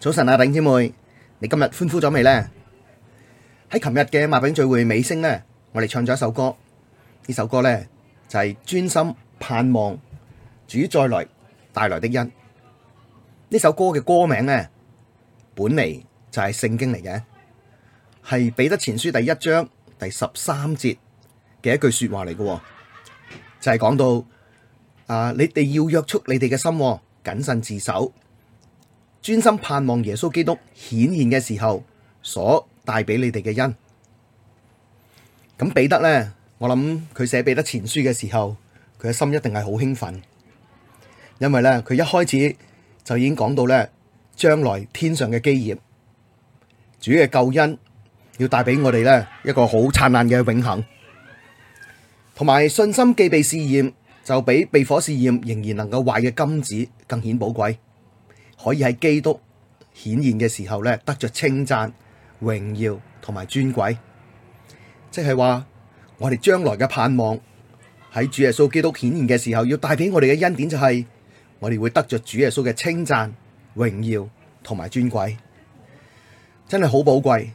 早晨啊，餅姐妹，你今日歡呼咗未呢？喺琴日嘅擘餅聚會尾聲呢，我哋唱咗一首歌，呢首歌呢就係專心盼望主再來帶來的恩。呢首歌嘅歌名呢，本嚟就係聖經嚟嘅，係彼得前書第一章第十三節嘅一句說話嚟嘅，就係講到啊，你哋要約束你哋嘅心，謹慎自守，專心盼望耶穌基督顯現嘅時候，所帶俾你哋嘅恩。咁彼得呢，我諗佢寫彼得前書嘅時候，佢嘅心一定係好興奮，因為呢，佢一開始就已經講到呢：「將來天上嘅基業，主要嘅救恩，要帶俾我哋呢一個好燦爛嘅永恆，同埋信心既被試驗，就比被火試驗仍然能夠壞嘅金子更顯寶貴。可以喺基督顯現嘅時候咧，得着稱讚、榮耀同埋尊貴，即係話我哋將來嘅盼望喺主耶穌基督顯現嘅時候，要帶俾我哋嘅恩典就係我哋會得着主耶穌嘅稱讚、榮耀同埋尊貴，真係好寶貴。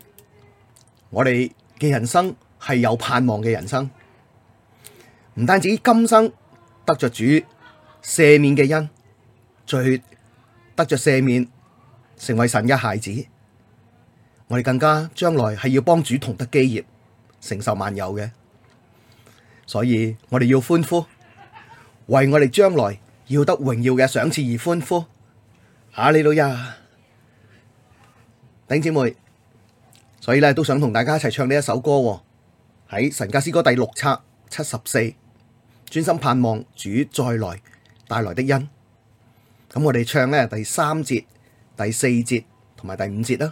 我哋嘅人生係有盼望嘅人生，唔單止今生得着主赦免嘅恩，最……得着赦免，成為神嘅孩子，我哋更加將來係要幫主同得基業，承受萬有嘅，所以我哋要歡呼，為我哋將來要得榮耀嘅賞賜而歡呼。阿、啊、你老呀，頂姐妹，所以咧都想同大家一齊唱呢一首歌喎，喺神家詩歌第六冊七十四，專心盼望主再來帶來的恩。咁我哋唱呢第三節、第四節同埋第五節啦。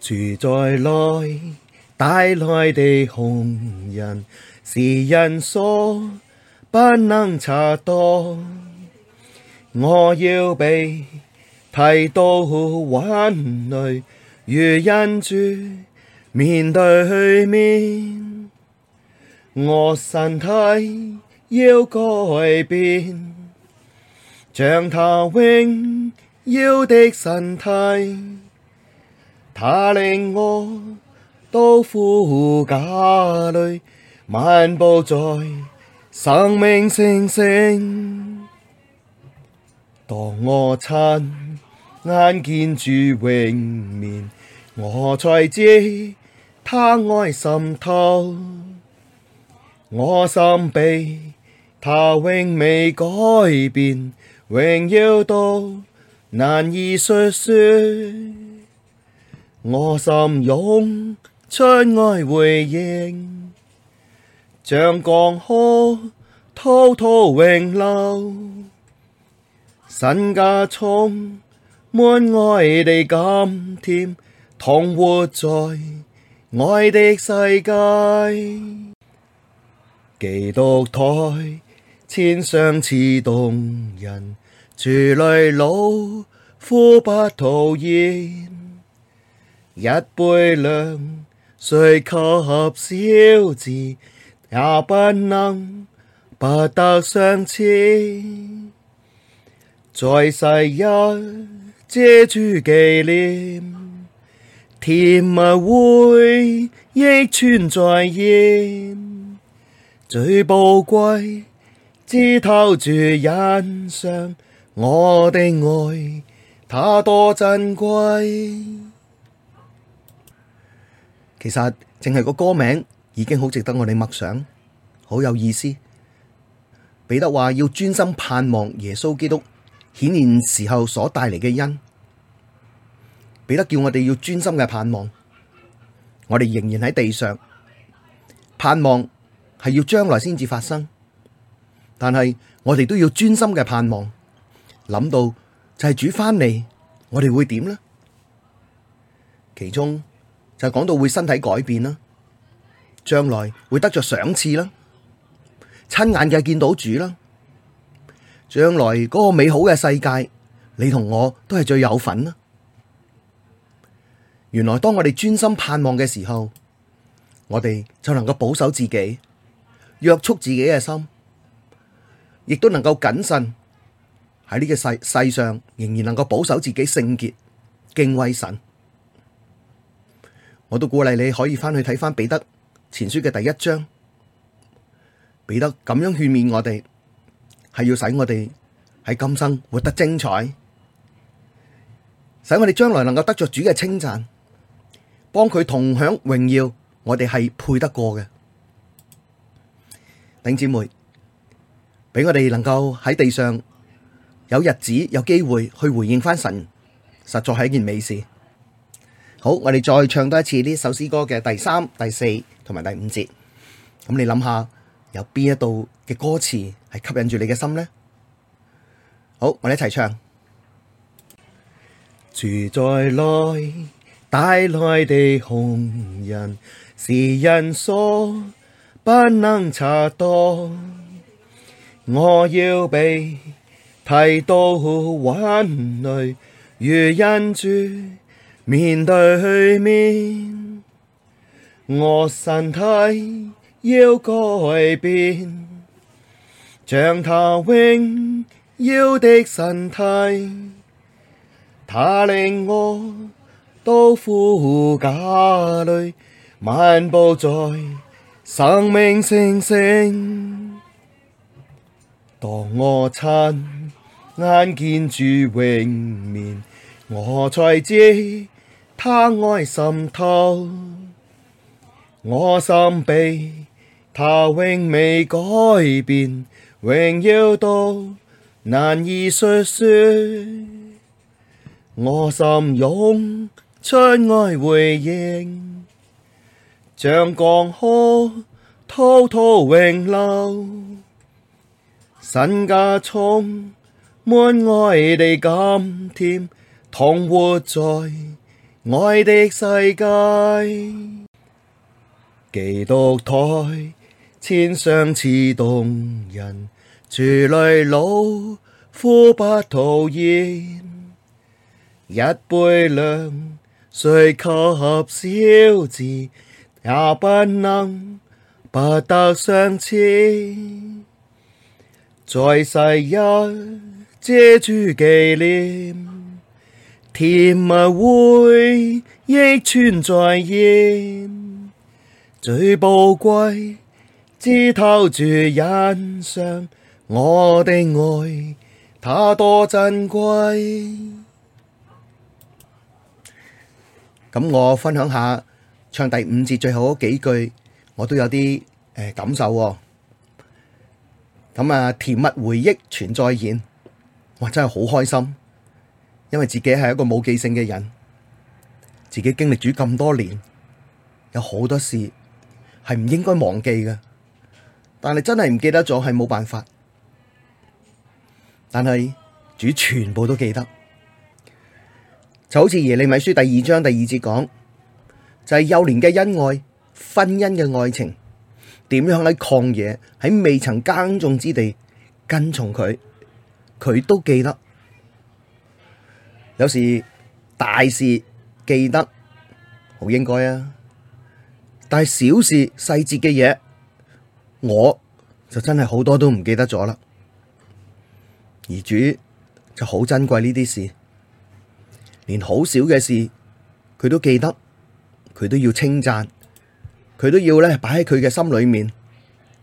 主再來帶來的洪恩，是人所不能測度。我要被提到雲裡，與恩主面對面，我身體要改變。像他榮耀的神體，他令我到富家裡，漫步在生命星星。當我親眼見住榮面，我才知他愛滲透我心扉，他永未改變。榮耀到難以述說，我心湧出愛回應，像江河滔滔永流，神家充滿愛的甘甜，同活在愛的世界，基督台。前賞賜動人，主裡勞苦不徒然。一杯涼水給小子，也不能不得賞賜。在世日子主記念，甜蜜回憶全再現，最寶貴。知透主欣賞，我的愛，祂多，多珍貴。其實淨係個歌名已經好值得我哋默想，好有意思。彼得話要專心盼望耶穌基督顯現時候所帶嚟嘅恩。彼得叫我哋要專心嘅盼望，我哋仍然喺地上盼望，係要將來先至發生。但係我哋都要專心嘅盼望。諗到就係主翻嚟，我哋會點呢？其中就係講到會身體改變啦，將來會得着賞賜啦，親眼嘅見到主啦，將來嗰個美好嘅世界，你同我都係最有份啦。原來當我哋專心盼望嘅時候，我哋就能夠保守自己，約束自己嘅心。亦都能夠謹慎喺呢個世世上，仍然能夠保守自己聖潔，敬畏神。我都鼓勵你可以翻去睇翻彼得前書嘅第一章，彼得咁樣勸勉我哋，係要使我哋喺今生活得精彩，使我哋將來能夠得着主嘅稱讚，幫佢同享榮耀。我哋係配得過嘅，頂姐妹，俾我哋能夠喺地上有日子，有機會去回應返神，實在係一件美事。好，我哋再唱多一次呢首詩歌嘅第三、第四同埋第五節。咁你諗下，有邊一度嘅歌詞係吸引住你嘅心呢？好，我哋一齊唱。主再來帶來的洪恩，是人所不能測度。我要被提到雲裡，與恩主面對面。我身體要改變，像他榮耀的身體。他領我到父家裡，漫步在生命聖城。當我親眼見主榮面，我才知他愛深透。我心被，他榮美改變，榮耀到難以述說。我心湧，出愛回應，像江河滔滔永流。神家充滿愛的甘美，同活在愛的世界。基督台前賞賜動人，主裡勞苦不徒然。一杯涼水給小子，也不能不得賞賜。在世日子主記念，甜蜜回憶全再現，最寶貴知透主欣賞我的愛，祂多珍貴。咁我分享下唱第五節最後嗰幾句，我都有啲誒感受。咁啊，甜蜜回憶全再現，哇！真係好開心，因為自己係一個冇記性嘅人，自己經歷主咁多年，有好多事係唔應該忘記嘅，但係真係唔記得咗係冇辦法，但係主全部都記得，就好似耶利米書第二章第二節講，就係幼年嘅恩愛，婚姻嘅愛情。點樣喺曠野，喺未曾耕種之地跟從佢，佢都記得。有時大事記得好應該啊，但係小事細節嘅嘢，我就真係好多都唔記得咗啦。而主就好珍貴呢啲事，連好少嘅事佢都記得，佢都要稱讚。佢都要咧，擺喺佢嘅心裏面，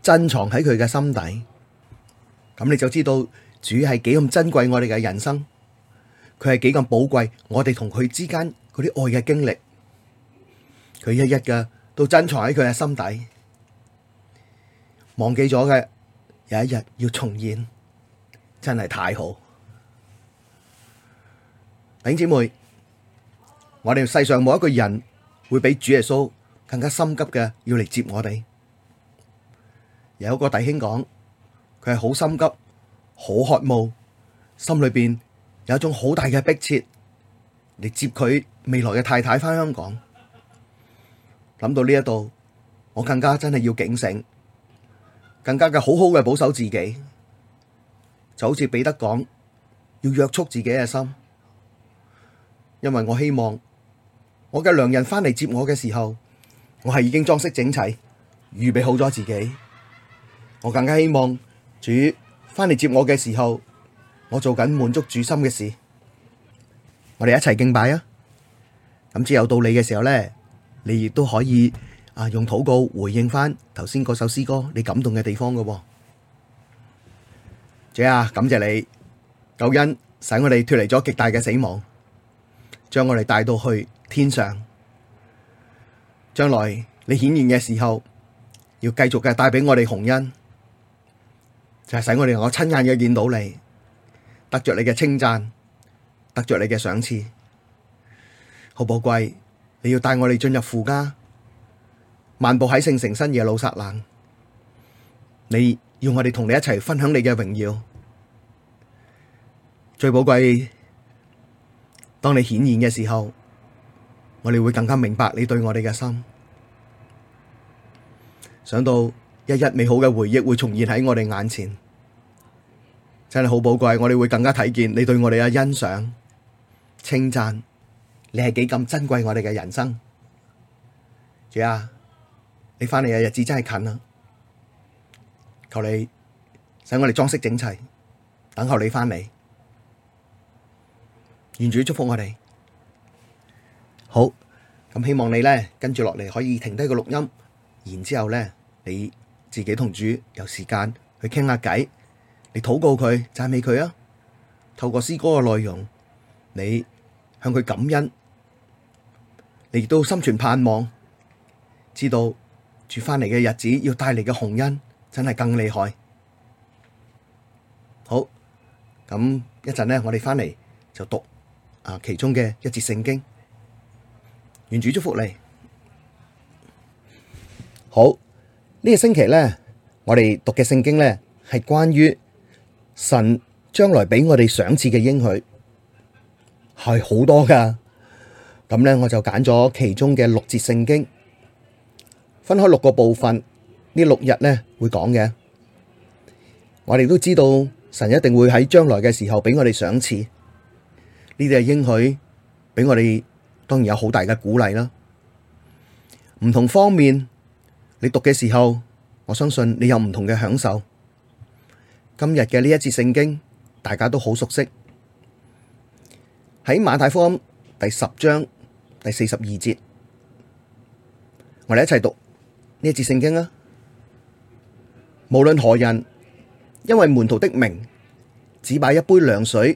珍藏喺佢嘅心底。咁你就知道主係幾咁珍貴我哋嘅人生，佢係幾咁寶貴，我哋同佢之間嗰啲愛嘅經歷，佢一日日都珍藏喺佢嘅心底。忘記咗嘅，有一日要重現，真係太好。弟兄姐妹，我哋世上冇一個人會比主耶穌更加心急嘅要嚟接我哋。有一個弟兄講，佢係好心急、好渴慕，心裏邊有一種好大嘅迫切嚟接佢未來嘅太太翻香港。諗到呢一度，我更加真係要警醒，更加嘅好好嘅保守自己，就好似彼得講要約束自己嘅心，因為我希望我嘅良人翻嚟接我嘅時候。我係已經裝飾整齊，預備好咗自己。我更加希望主翻嚟接我嘅時候，我做緊滿足主心嘅事。我哋一齊敬拜啊！咁之後到你嘅時候咧，你亦都可以啊用禱告回應翻頭先嗰首詩歌你感動嘅地方嘅。姐啊，感謝你救恩使我哋脫離咗極大嘅死亡，將我哋帶到去天上。將來你顯現嘅時候，要繼續嘅帶畀我哋洪恩，就係、是、使我哋我親眼嘅見到你，得着你嘅稱讚，得着你嘅賞賜，好寶貴。你要帶我哋進入父家，漫步喺聖城新耶路撒冷。你要我哋同你一齊分享你嘅榮耀。最寶貴，當你顯現嘅時候。我哋會更加明白你對我哋嘅心，想到一一美好嘅回憶會重現喺我哋眼前，真係好寶貴。我哋會更加睇見你對我哋嘅欣賞、稱讚，你係幾咁珍貴我哋嘅人生。主啊，你翻嚟嘅日子真係近啊。求你使我哋裝飾整齊，等候你翻嚟。願主祝福我哋。好，咁希望你咧跟住落嚟，可以停低個錄音，然之後咧你自己同主有時間去傾下偈，你禱告佢，讚美佢啊！透過詩歌嘅內容，你向佢感恩，你亦都心存盼望，知道住翻嚟嘅日子要帶嚟嘅洪恩真係更厲害。好，咁一陣咧，我哋翻嚟就讀啊其中嘅一節聖經。願主祝福你。好，呢個星期呢，我哋讀嘅聖經呢係關於神將來俾我哋賞賜嘅應許，係好多噶。咁呢，我就揀咗其中嘅六節聖經，分開六個部分，呢六日呢會講嘅。我哋都知道神一定會喺將來嘅時候俾我哋賞賜，呢啲係應許俾我哋。當然有好大嘅鼓勵啦，唔同方面，你讀嘅時候，我相信你有唔同嘅享受。今日嘅呢一節聖經，大家都好熟悉，喺馬太福音第十章第四十二節，我哋一齊讀呢一節聖經啊！無論何人，因為門徒的名，只把一杯涼水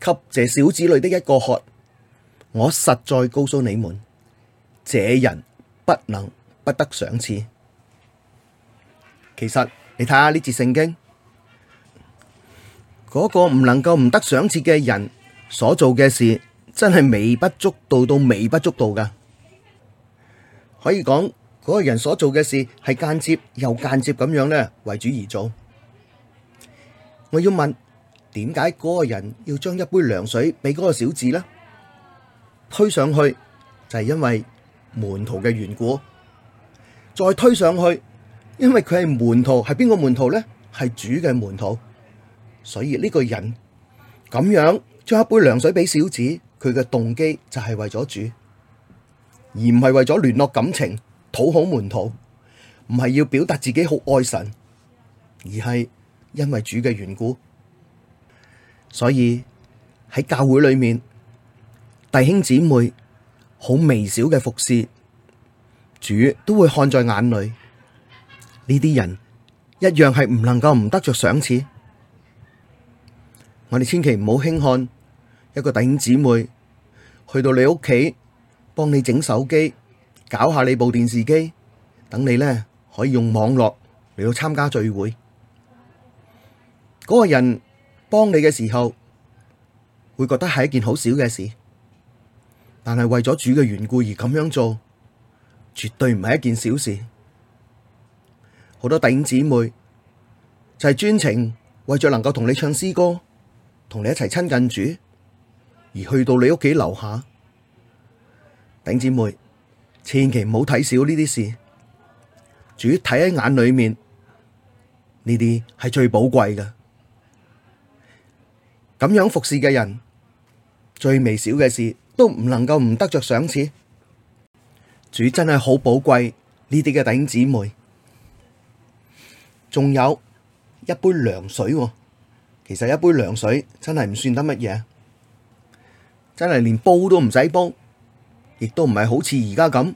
給這小子裡的一個喝。我實在告訴你們，這人不能不得賞賜。其實你睇下呢節聖經，嗰個唔能夠唔得賞賜嘅人所做嘅事，真係微不足道到微不足道噶。可以講嗰個人所做嘅事係間接又間接咁樣咧為主而做。我要問，點解嗰個人要將一杯涼水俾嗰個小子呢？推上去就係因為門徒嘅緣故，再推上去，因為佢係門徒，係邊個門徒咧？係主嘅門徒，所以呢個人咁樣將一杯涼水俾小子，佢嘅動機就係為咗主，而唔係為咗聯絡感情、討好門徒，唔係要表達自己好愛神，而係因為主嘅緣故，所以喺教會裏面。弟兄姊妹，好微小嘅服侍，主都會看在眼裏。呢啲人一樣係唔能夠唔得着賞賜。我哋千祈唔好輕看一個弟兄姊妹，去到你屋企幫你整手機，搞下你部電視機，等你呢可以用網絡嚟到參加聚會。嗰個人幫你嘅時候，會覺得係一件好小嘅事。但係為咗主嘅緣故而咁樣做，絕對唔係一件小事。好多頂姊妹就係專程為咗能夠同你唱詩歌、同你一齊親近主，而去到你屋企樓下。頂姊妹，千祈唔好睇少呢啲事，主睇喺眼裏面，呢啲係最寶貴嘅。咁樣服侍嘅人，最微小嘅事，都唔能夠唔得着賞賜，主真係好寶貴呢啲嘅弟兄姊妹，仲有一杯涼水，哦。其實一杯涼水真係唔算得乜嘢，真係連煲都唔使煲，亦都唔係好似而家咁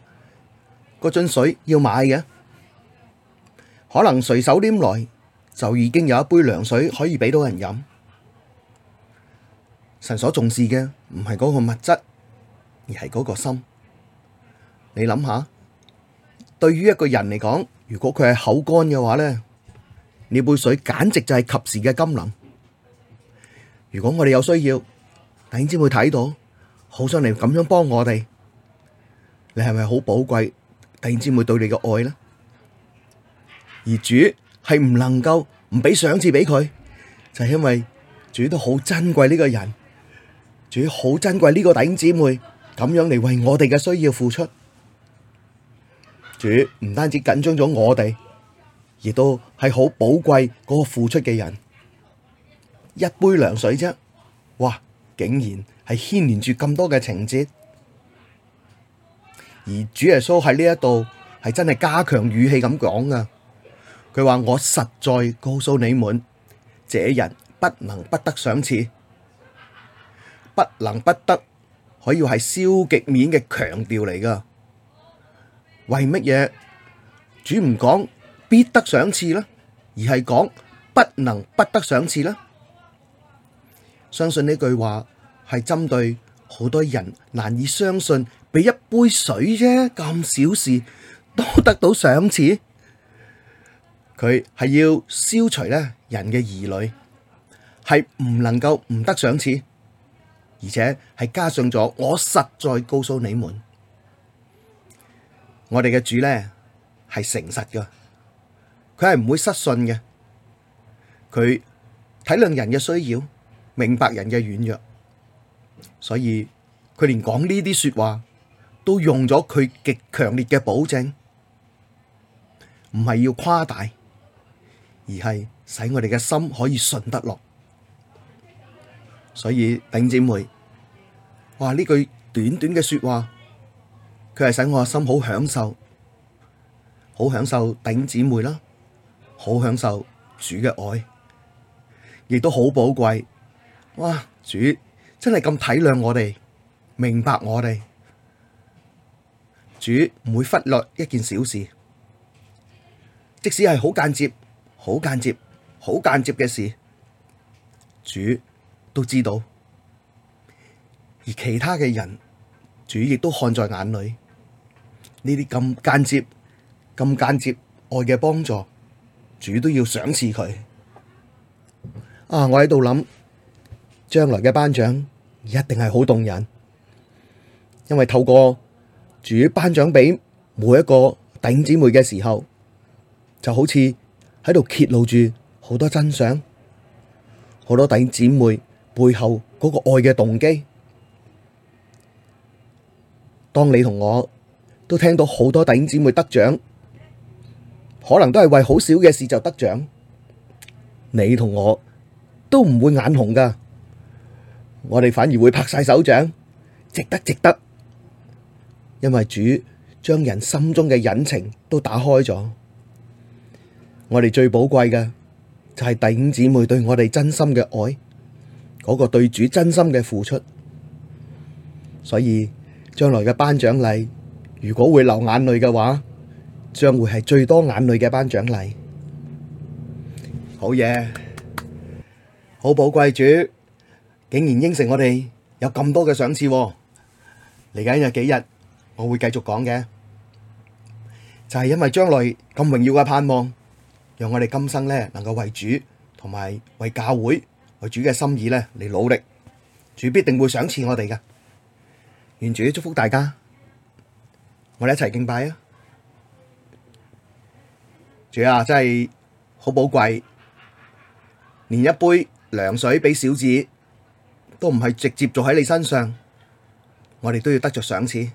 嗰樽水要買嘅，可能隨手拈來就已經有一杯涼水可以俾到人飲。神所重視嘅唔係嗰個物質。而係嗰個心，你諗下，對於一個人嚟講，如果佢係口乾嘅話咧，呢杯水簡直就係及時嘅甘霖。如果我哋有需要，弟兄姊妹睇到，好想你咁樣幫我哋，你係咪好寶貴弟兄姊妹對你嘅愛咧？而主係唔能夠唔俾賞賜俾佢，就係因為主都好珍貴呢個人，主好珍貴呢個弟兄姊妹。咁樣嚟為我哋嘅需要付出，主唔單止緊張咗我哋，亦都係好寶貴嗰個付出嘅人。一杯涼水啫，哇！竟然係牽連住咁多嘅情節，而主耶穌喺呢一度係真係加強語氣咁講啊！佢話：我實在告訴你們，這人不能不得賞賜，不能不得。可以係消極面嘅強調嚟噶，為乜嘢？主唔講必得賞賜啦，而係講不能不得賞賜啦。相信呢句話係針對好多人難以相信，俾一杯水啫，咁小事都得到賞賜。佢係要消除咧人嘅疑慮，係唔能夠唔得賞賜。而且係加上咗，我實在告訴你們，我哋嘅主呢係誠實嘅，佢係唔會失信嘅。佢體諒人嘅需要，明白人嘅軟弱，所以佢連講呢啲說話都用咗佢極強烈嘅保證，唔係要誇大，而係使我哋嘅心可以信得落。所以丁姊妹。哇！呢句短短嘅說話，佢係使我心好享受，好享受頂姊妹啦，好享受主嘅愛，亦都好寶貴。哇！主真係咁體諒我哋，明白我哋，主唔會忽略一件小事，即使係好間接、好間接、好間接嘅事，主都知道。而其他嘅人，主亦都看在眼裏。呢啲咁間接、咁間接愛嘅幫助，主都要賞賜佢。啊，我喺度諗，將來嘅頒獎一定係好動人，因為透過主頒獎俾每一個弟兄姊妹嘅時候，就好似喺度揭露住好多真相，好多弟兄姊妹背後嗰個愛嘅動機。當你同我都聽到好多弟兄姊妹得獎，可能都係為好少嘅事就得獎，你同我都唔會眼紅㗎。我哋反而會拍晒手掌，值得值得，因為主將人心中嘅隱情都打開咗，我哋最寶貴嘅就係弟兄姊妹對我哋真心嘅愛，嗰個對主真心嘅付出，所以。將來的班長如果會留眼女的話，將會是最多眼女的班長。好嘢，好寶貴，主竟然影響我哋有這麼多的相似。我你現在幾天我會繼續講的就是，因為將來這麼重要的盼望，讓我哋這麼生命能夠為主同埋為教會和主的心意來努力，主必定會相似我哋的。願主祝福大家，我哋一齊敬拜啊！主啊，真係好寶貴，連一杯涼水俾小子都唔係直接做喺你身上，我哋都要得着賞賜，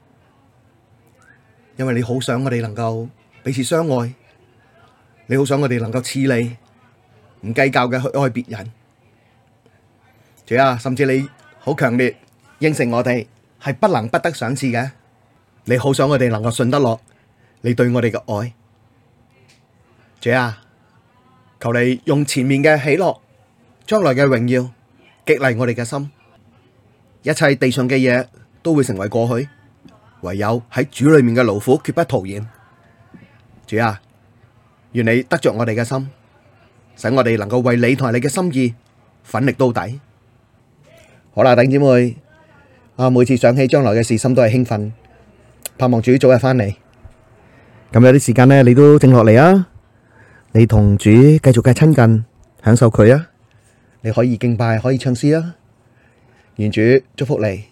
因為你好想我哋能夠彼此相愛，你好想我哋能夠似你，唔計較嘅去愛別人。主啊，甚至你好強烈應承我哋。係不能不得賞賜嘅，你好想我哋能夠信得落你對我哋嘅愛，主啊，求你用前面嘅喜樂、將來嘅榮耀，激勵我哋嘅心，一切地上嘅嘢都會成為過去，唯有喺主裏面嘅勞苦絕不徒然，主啊，願你得着我哋嘅心，使我哋能夠為你同埋你嘅心意，奮力到底，好啦，弟兄姊妹。啊！每次想起將來嘅事，心都係興奮，盼望主早日返嚟。咁有啲時間呢，你都靜落嚟啊！你同主繼續嘅親近，享受佢啊！你可以敬拜，可以唱詩啊！願主祝福你。